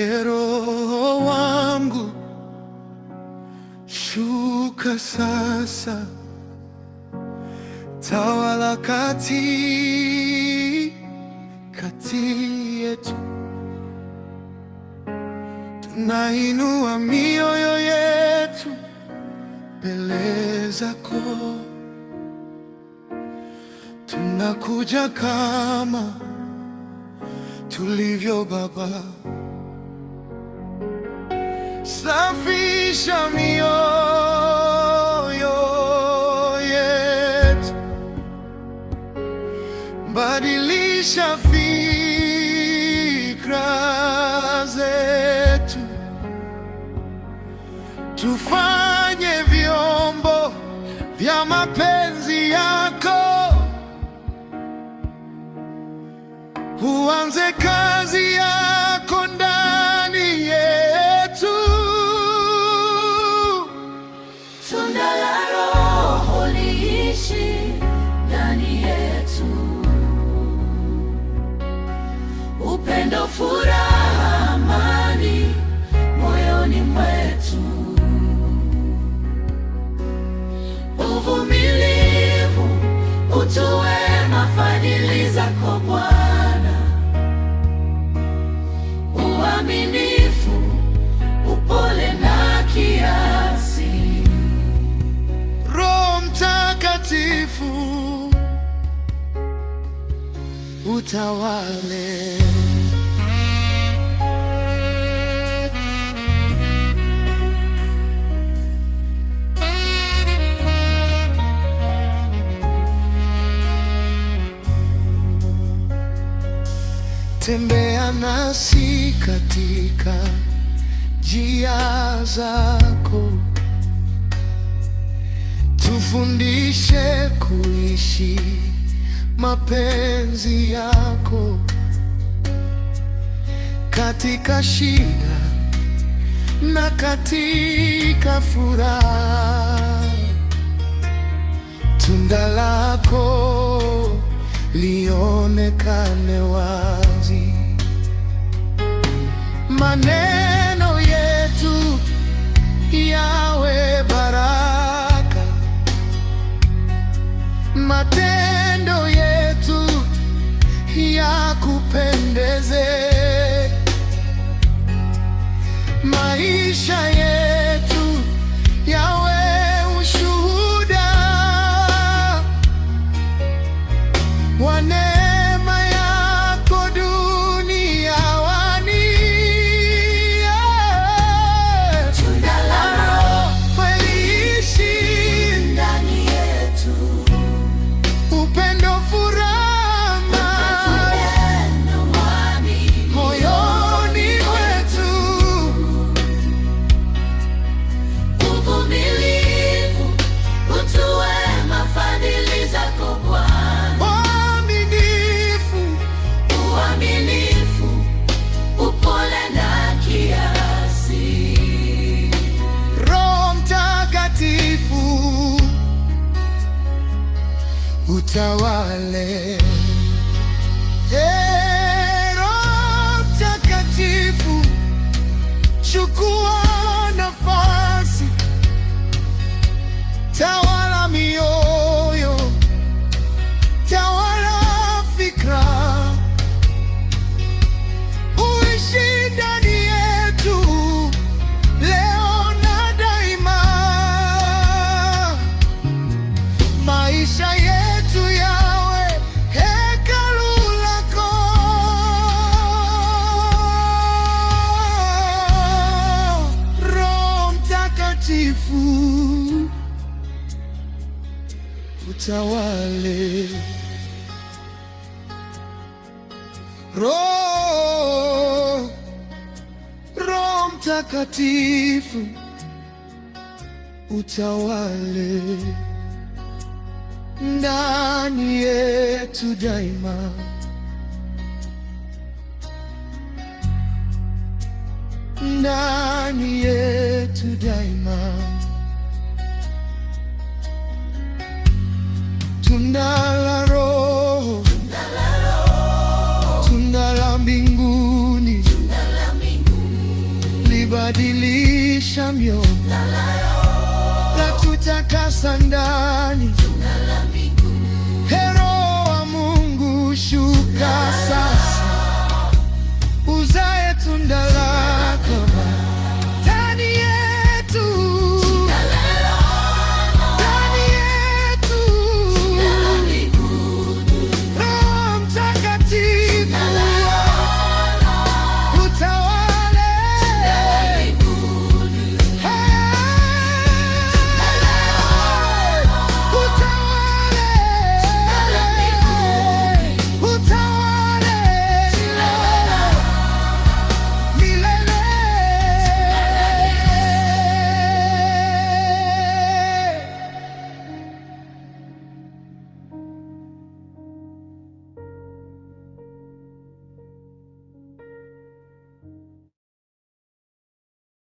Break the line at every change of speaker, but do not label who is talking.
Ee Roho wangu, shuka sasa, tawala kati kati yetu. Tunainua mioyo yetu mbele zako, tunakuja kama tulivyo Baba safisha mioyo yetu, badilisha fikra zetu, tufanye vyombo vya mapenzi yako, uanze kazi ya
upendo, furaha, amani moyoni mwetu, uvumilivu, utuwe mafadhili fadhili zako Bwana, uaminifu, upole na kiasi.
Roho Mtakatifu utawale tembea nasi katika njia zako, tufundishe kuishi mapenzi yako katika shida na katika furaha, tunda lako lionekane wazi. Maneno yetu yawe baraka, matendo yetu yakupendeze, maisha yetu Mtakatifu utawale, Roho Roho Mtakatifu utawale ndani yetu daima. Ndani daima. Tunda la Roho, tunda la mbinguni libadilisha mio la kutakasa ndani. Roho wa Mungu shuka sana